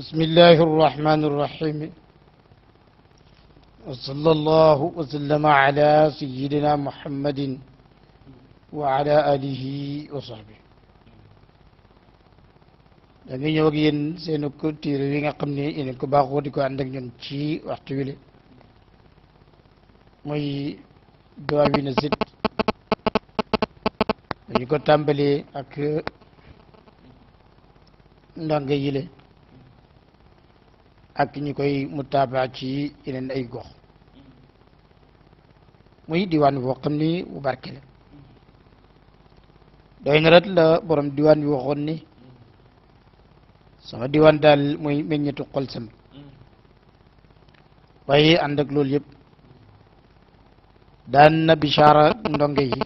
بسم الله الرحمن الرحيم وصلى الله وسلم على سيدنا محمد وعلى آله وصحبه dañuy ñëw ak yéen seen culture yi nga xam ne yéen ko baaxoo di ko ànd ak ñun ci waxtu wi la mooy doa wi na sit dañu ko tàmbalee ak ndongo yi la ak ñi koy mutaaba ci ay gox muy diwaan bi boo xam barke la doy na ret la borom diwaan bi waxoon ni sama diwaan daal mooy meññetu xol sam waaye ànd ak loolu yëpp daan na bichara ndonge yi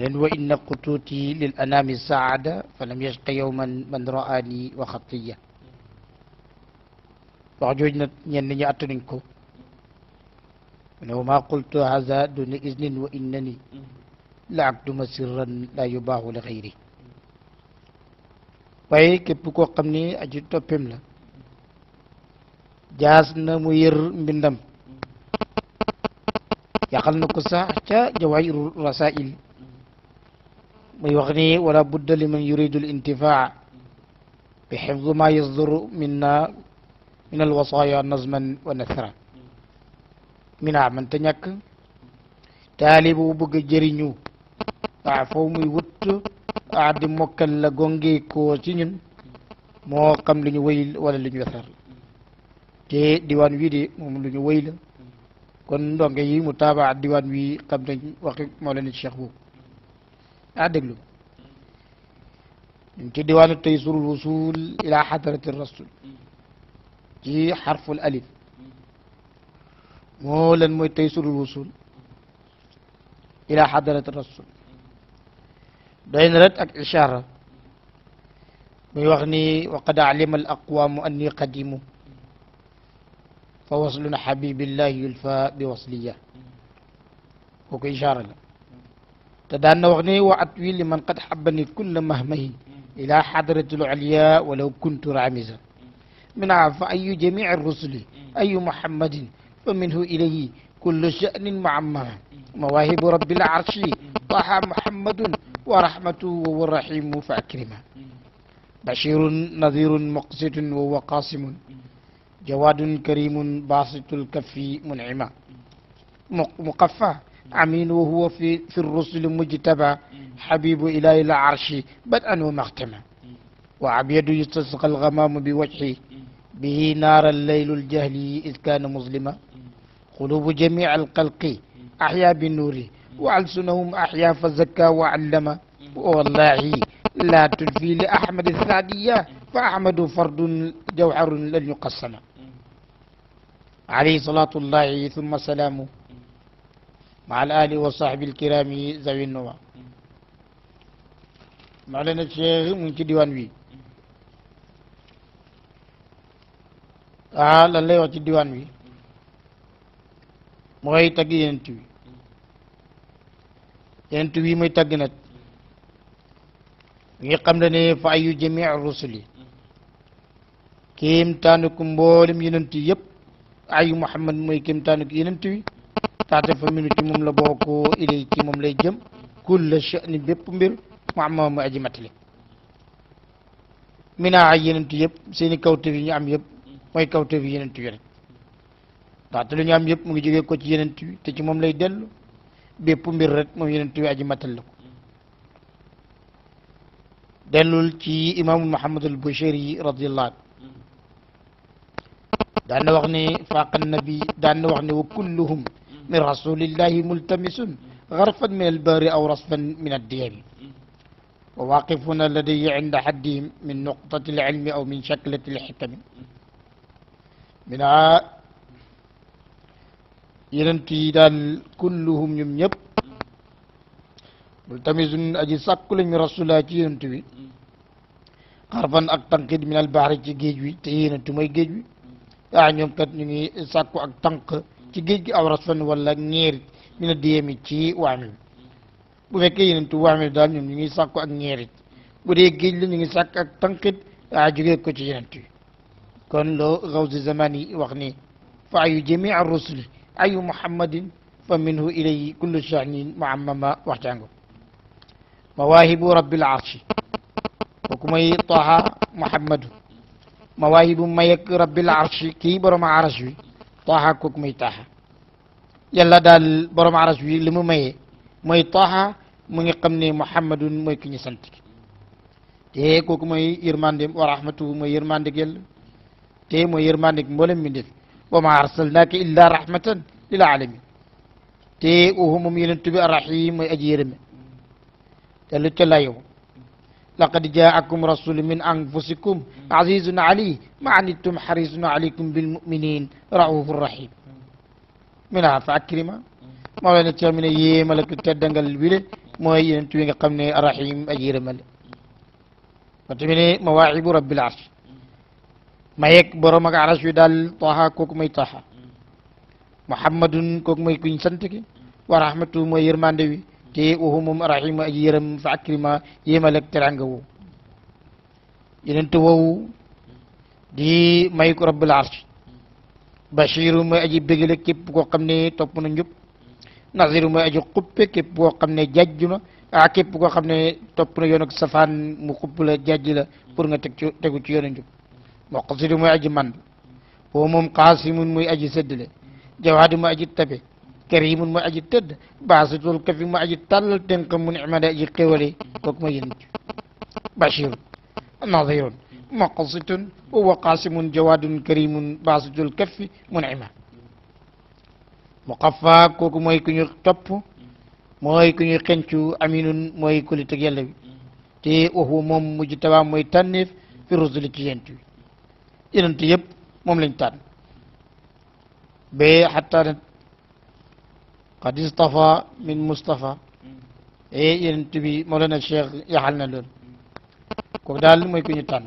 leen wa inna xutuuti lil anaami saada falam yashqa yowman man raani wa xatiya وعجوجنا نين نين أتنينكو إنه ما قلت هذا دون إذن وإنني لعقد مسرا لا يباع لغيري باي كيبكو قمني أجد توبيم لا جاسنا مير مندم يقال نقصا حتى جوائر الرسائل ويغني ولا بد لمن يريد الانتفاع بحفظ ما يصدر منا min al wasaaya nazman wa nathra bu bëgg a jëriñu waaw foofu muy wut di mokkal la gongee koo ci ñun moo xam lu ñu wala lu ñu te diwaan wii de moom lu ñu kon ndonge yi mu taabaa diwaan wii xam nañ waxi Mawlana Cheikh boobu ah déglu ñu ci diwaanu tey surul wusul ila hadrati rasul جي حرف الالف مولا موي تيسر الوصول الى حضره الرسول بين رد اشاره ويغني وقد علم الاقوام اني قديم فوصل حبيب الله يلفى بوصليه وكو اشاره لا تدان وخني واتوي لمن قد حبني كل مهمه الى حضره العليا ولو كنت رامزا من عفا أي جميع الرسل أي محمد فمنه إليه كل شأن معمر مواهب رب العرش طه محمد ورحمته وهو الرحيم فأكرمه بشير نذير مقسط وهو قاسم جواد كريم باسط الكف منعما مقفى أمين وهو في, في الرسل مجتبى حبيب إله العرش بدءا ومختما وعبيد يستسقى الغمام بوجهه به نار الليل الجهل إذ كان مظلما قلوب جميع القلق أحيا بالنور وألسنهم أحيا فزكى وعلم والله لا تلفي لأحمد السعدية فأحمد فرد جوهر لن يقسم عليه صلاة الله ثم سلامه مع الآل والصحب الكرام ذوي النوى معلنة الشيخ من ديوان بي ah lan lay ci diwaan bi mooy tagg yenent bi yenent bi muy tagg nag ñi xam ne ne fa ayu jamii rusuli kéem taanuku mboolem yenent yi yëpp ayu muhammad mooy kéem taanuku yenent bi taate fa minu ci la bokk ilay ci lay jëm kulla sha'ni bépp mbir muhammad mooy aji matali mina ay yenent yëpp seeni kawte yi am yëpp mooy kawteef yenent yi rek ndaxte lu ñu am yëpp mu ngi jógee ko ci yenent bi te ci moom lay dellu bépp mbir rek moom yenent bi aji matal la ko dellul ci imaamu Muhammadul Bushayri radiyallahu anhu daan na wax ne faaqa nabi daan na wax ne wa kulluhum min rasulillahi multamisun garfan min albaari aw rasfan min addiyami wa waaqifuna ladayya inda haddihim min nuqtati alilmi aw min shaklati alxikami a minaa yenent yi daal kulluhum ñum ñëpp bul tamisun aji sàkku lañu rasulaa ci yenent bi xarfan ak tànqit min al bahri ci géej wi te yenentu may géej wi ah ñoom kat ñu ngi sàkku ak tànq ci géej gi aw rasfan wala ñeerit mi na diyemi ci waame bu fekkee tu waame daal ñoom ñu ngi sàkku ak ñeerit bu dee géej la ñu ngi sàkk ak tànqit ah jógee ko ci yenent bi kon loo gawsi zamani wax ni fa ayu jamii arrusuli ayu muhammadin fa minhu ilayhi kullu shahnin muammama waxtaango mawaahibu rabbil arshi kooku mooy Taha Muhammadu mawaahibu mayek rabbil arshi kii borom arash wi Taha kooku mooy Taha yàlla daal borom arash wi li mu mayee mooy Taha mu ngi xam ne Muhammadun mooy ki ñu sant te kooku mooy yërmandeem wa rahmatuhu mooy yërmande yàlla تيم ويرمانك مولم من دف وما أرسلناك إلا رحمة للعالمين تي أهم ميلن تبي الرحيم ويأجيرم تلت يوم لقد جاءكم رسول من أنفسكم عزيز علي ما عنتم حريص عليكم بالمؤمنين رعوف الرحيم من عفا أكرم ما لن تشامن يما لك تدنغ البلد ما ينتبه قمني الرحيم أجيرم وتمني مواعب رب العرش mayeeg borom ak aras yu daal taha kooku mooy taha muhammadun kooku mooy kuñ sant ki wa rahmatu mooy yërmande wi te waxu moom rahima aji yërëm fa akrima yéemal ak teranga woowu yenente woowu di may ko rabbul arsh bashiru aji bégale képp koo xam ne topp na njub nasiru mooy aji xuppe képp koo xam ne jajju na ah képp koo xam ne topp na yoon ak safaan mu xupp la jajj la pour nga teg ci tegu ci yoon njub muqsidu muy aji man woo moom qaasimun muy aji séddale jawaadi muy aji tabe karimun muy aji tëdd baasitul kafi muy aji tàllal tënkam mu nicmada aji xéwale kooku mooy yéen bashirun nadirun muqsitun wa qaasimun jawaadun karimun baasitul kafi mu nicma muqaffa kooku mooy ku ñu topp mooy ku ñu aminun mooy ku li teg yàlla moom mujj tabaa mooy tànneef fi rusuli ci yent yonent yëpp moom lañ tànn ba xataa ne qad istafa min mustafa e yonent bi Mawlana Cheikh yaxal na loolu kooku daal mooy ko ñu tànn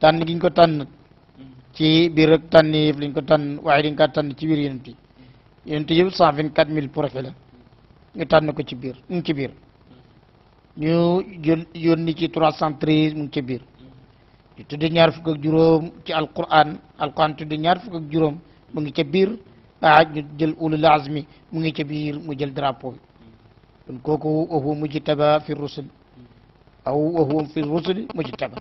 tànn gi ko tànn ci biir rek tànn yëpp lañ ko tànn waaye dañ kaa tànn ci biir yonent yi yonent yëpp cent vingt quatre mille profil la ñu tànn ko ci biir mu ci biir ñu jël yónni ci mu ci biir di tudd fukk juróom ci alquran alquran tudd fukk juróom mu ngi ca biir ah ñu jël ulul mu ngi ca biir mu jël drapeau kooku wa huwa mujtaba fi rusul aw wa huwa fi rusul mujtaba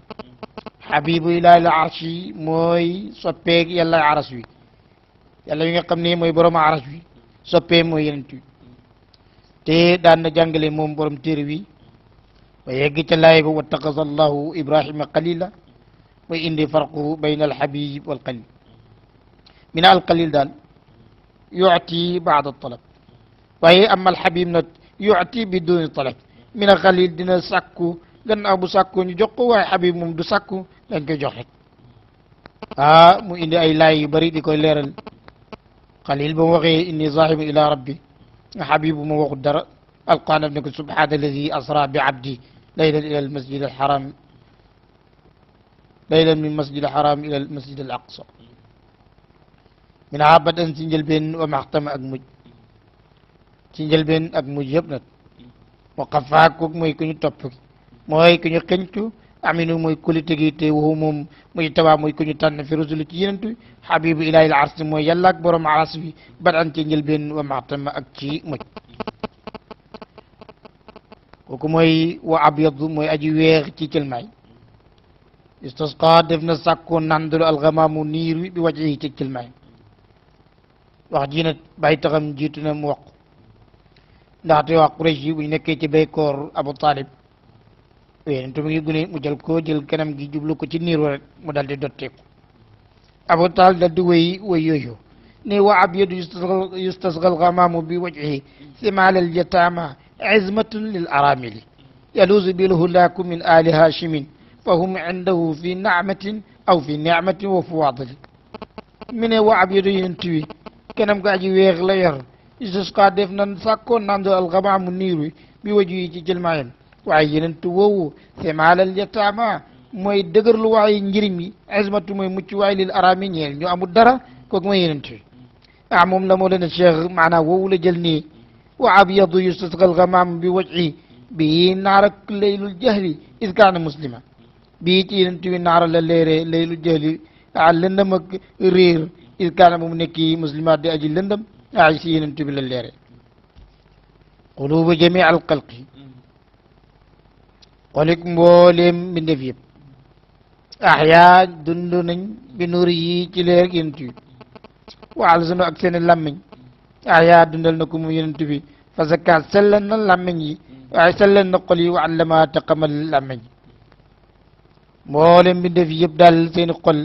habibu ilahil arshi mooy soppeeg yàlla aras wi yàlla yi nga xam ne mooy borom aras wi soppee mooy yenent wi te daan na jàngale moom borom téere wi ba yegg ca laay ba wattaxasa allahu ibrahima qalila وإني فرق بين الحبيب والقليل من القليل daal yu'ti ba'da talab waaye am alxabib nag yu'ti bi duni talab min alqalil dina sàkku gannaaw bu sàkku ñu jox ko waaye xabib moom du sàkku dañ koy jox rek ah mu indi ay laay yu bëri di koy leeral xalil ba mu waxee inni zaahibu ila rabbi nga xabibu ma waxu dara alqaanab ne ko subhaana alladi asra bi abdi laylan ila almasjid alxaram ليلا من مسجد الحرام الى المسجد الاقصى من عابد ان سنجل بين ومحتم اكمج سنجل بين اكمج يبنت وقفاك موي كنو توبك موي كنو كنتو امينو موي كولي تيغيتي وهم موي توا موي كنو تان في رسول تي يننت حبيب الهي العرس موي يلاك بروم عرس بي بعد ان سنجل بين ومحتم اكتي مج وكو موي وابيض موي اجي ويخ تي تلماي استسقى دفن سكو نندل الغمام نير بوجهه تكل ماي وخجينا بايتغم جيتنا موق داتي وا قريشي بو نيكي تي بيكور ابو طالب وينتو مي غوني مو جيل كو جيل كانام جي جوبلو كو تي نيرو رك مو دالدي دوتيك ابو طالب دا دوي وي وي يويو ني الغمام بوجهه ثمال الجتامه عزمه للارامل يلوز بالهلاك من ال هاشم فهم عنده في نعمة أو في نعمة وفواضل من وعبد ينتوي كنم قاعد يغلى ير إذا قادف ننساكو نندو الغبع منيري بوجهي جلمين وعين توو ثمال اليتامى موي دغر لو واي نجرمي عزمت موي متشو واي للارامين ني امو دارا كوك موي ينتو اعموم لا مولانا الشيخ معنا وو جلني وعبيض يستسقى غمام بوجهي بين نارك ليل الجهل اذ كان مسلما bii ci yenent bi naara la léeree lay lu jëli ah lëndëm ak réer il kaana bu mu nekki muslimaat di aji lëndëm ah si yenent bi la léeree qulubu jamii al xalqi xolik mbooleem mbindeef yëpp ahyaa dund nañ bi nuur yi ci leer ak yenent bi waal sunu ak seen làmmiñ ahyaa dundal na ko mu yenent bi fa zakka sellan na làmmiñ yi waaye sellan na xol yi wa allama taqamal làmmiñ mboolem mbindeef yëpp daal seeni xol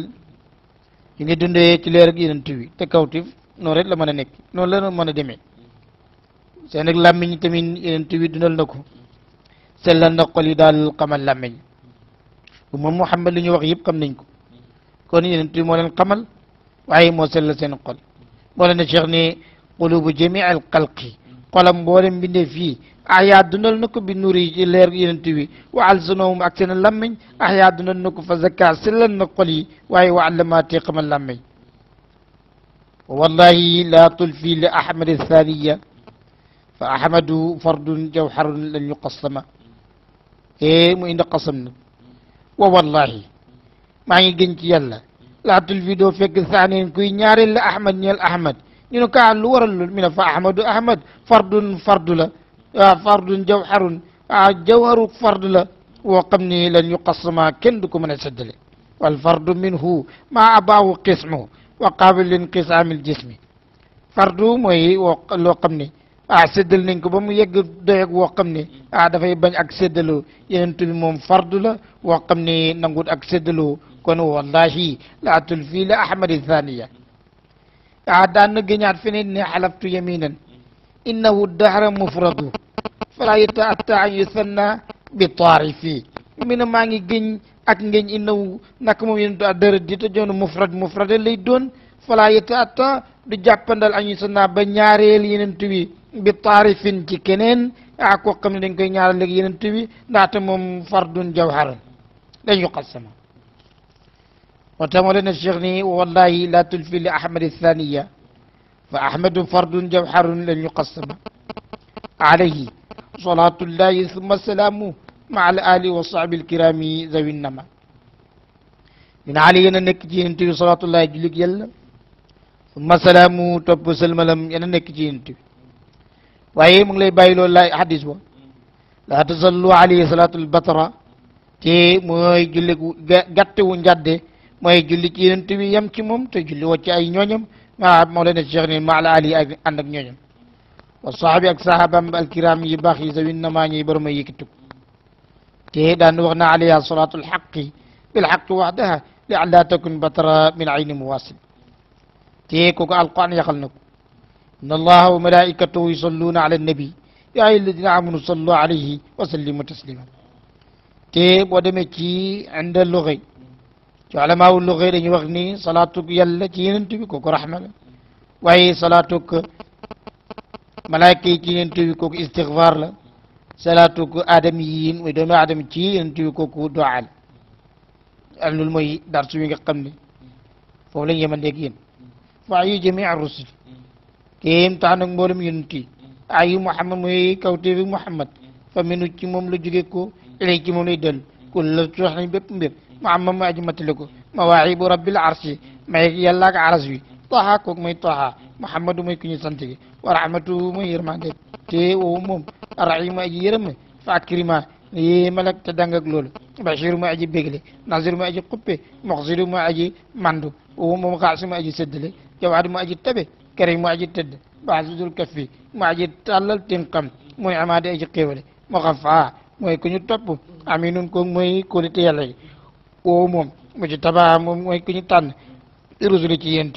yi nga dundee ci leer ak yonent bi te kawtif noonu rek la mën a nekk noonu la mën a demee seen ak làmmiñ tamit yonent bi dundal na ko sellal na xol yi daal xamal làmmiñ bu moom Muhammad li ñu wax yëpp xam nañ ko kon yonent bi moo leen xamal waaye moo sellal seen xol moo leen a cheikh ne qulubu jami al xalqi xolam mboolem mbindeef yi ahyaa dundal na ko bi nuur yi ci leer yonent wi wa alsanahum ak seen làmmiñ ahyaa dundal na ko fa zakka sellal na xol yi waaye wa allamaatee xamal làmmiñ wallahi laa tulfi li ahmad thaniya fa ahmadu fardun jawharun lan yuqassama e mu indi qasam na wa wallahi maa ngi gën ci yàlla laa tulfi doo fekk thaniyan kuy ñaareel la ahmad ñeel ahmad ñu ne kaa ah, lu waral loolu mi ne fa ahmadu ahmad fardun fardu la آه، فرد جوحر آه، جوهر فرد لا وقمني لن يقسم كندكم من السدل والفرد منه ما أباه قسمه وقابل لانقسام الجسم فرد موي آه، وقمني أسدل نكبم يجب دعك وقمني هذا في بن أكسدلو ينتمي من فرد لا وقمني نقول أكسدلو كن والله لا تلفي لا أحمد الثانية أعدان نجنيات فيني حلفت يمينا إنه الدهر مفرد fala yata'atta an yusanna bi taarifi mi ne maa ngi géñ ak ngéñ innawu naka moom yéen a dërët di te joonu mufrad mufrada lay doon fala yata'atta du jàppandal an yusanna ba ñaareel yeneen tubi bi taarifin ci keneen ah koo xam ne dañ koy ñaareel léegi yeneen tubi ndaxte moom fardun jawharan dañ yuqassama وتمولنا الشيخ والله لا تلفي لأحمد الثانية فأحمد فرد جوهر لن يقسم عليه salaatullahi summa salaamu ma al ali wa sahbi alkirami zawin nama min ali yéen a nekk ci yénent bi salaatullahi jullit yàlla summa salaamu topp sëlmalam yéen a nekk ci yénent bi waaye mu ngi lay bàyyi loolu laay xadis ba laa tasallu alayhi salaatul batara te mooy julli gàtte wu njàdde mooy julli ci yénent bi yem ci moom te julli woo ci ay ñooñam ma mao la ne cheikh ni ma al ali ak ànd ak ñooñam وصحاب يك صحاب الكرام يباخي زوي النماني يبرم يكتب كهدا نوغنا عليها صلاة الحق بالحق وحدها لعلا تكون بطرة من عين مواصل تيكوك القرآن يخلنك إن الله وملائكته يصلون على النبي يا أيها الذين آمنوا صلوا عليه وسلموا تسليما تيب ودمكي عند اللغي علماء اللغي لن يغني صلاتك يلا كين أنت بكوك رحمة وهي صلاتك malaayka yi ci yonent bi kooku istigfaar la salaatu ko aadama yiin mooy doomu aadama ci yonent bi kooku doa la ak loolu mooy darsu wi nga xam ne foofu lañ yemandeeg yéen fa ayu jami rusul kéem tax nag mboolem yonent yi ayu Muhammad mooy kawteefi Muhammad fa minu ci moom la jóge ko ilay ci moom lay dellu kon la sox nañ bépp mbir Muhammad ma aji matale ko mawaahibu rabbil arsi may yàlla ak aras wi taha kooku mooy taha muhammadu mooy ku ñu sant gi wa rahmatuhu mooy yërmande te woowu moom arrahimu aji yërëm fa akrima yéemal ak loolu bashiru mooy aji bégle nasiru mooy aji xuppe moxsiru mooy aji mandu woowu moom xaasi mooy aji séddale jawaad mooy aji tabe karim mooy aji tëdd baasudul kaffi mooy aji tàllal tinqam mooy amaade aji xéewale mu mooy ku ñu topp aminun mooy kóolite yàlla yi woowu moom mu mooy ku ñu rusuli ci yéen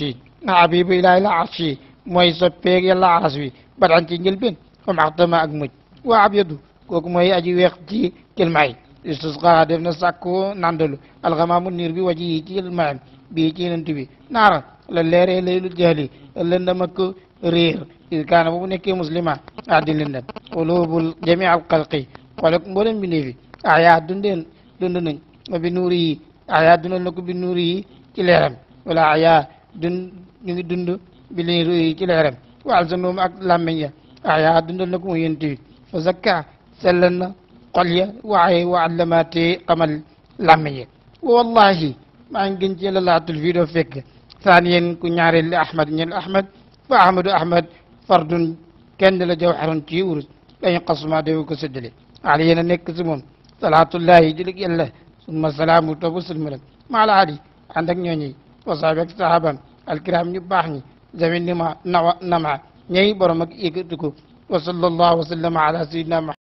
habibu ilaahi la arsh yi mooy soppeeg yàlla aras wi badan ci njëlbeen comme axtama ak muj waa ab yadu kooku mooy aji weex ci kilma yi istisqa def na sàkko nandalu alxamaamu niir bi waji yi ci kilmaam bii ci yonent bi naara la leeree laylu jahli lëndam ak réer is kaana boobu nekkee muslima addi lëndam qulubul jami al xalqi xoolek mboolem bi nii fi ayaa dundeen dund nañ bi nuuri yi ayaa dundal na ko bi nuuri yi ci leeram wala ayaa dund ñu ngi dund bi li ruyi ci leeram waal sa moom ak làmmiñ ya ayaa dundal na ko mu yent bi fa zakka sellal na xol ya waaye wa allama te xamal làmmiñ ya wallahi maa ngi gën ci la laatul fii doo fekk ثانيا كنياري لأحمد نيل أحمد فأحمد أحمد فرد كان لا جوهر تيورس لا ينقص ما ديو كسدلي علينا نكسمون صلاة الله جلك يلا ثم سلام تبوس الملك مع العادي عندك نيوني وصحابك صحابا alkiram ñu baax ñi zawi nima nawa nama ñay borom ak yëkkatiku wa sallallahu wa sallama ala sayyidina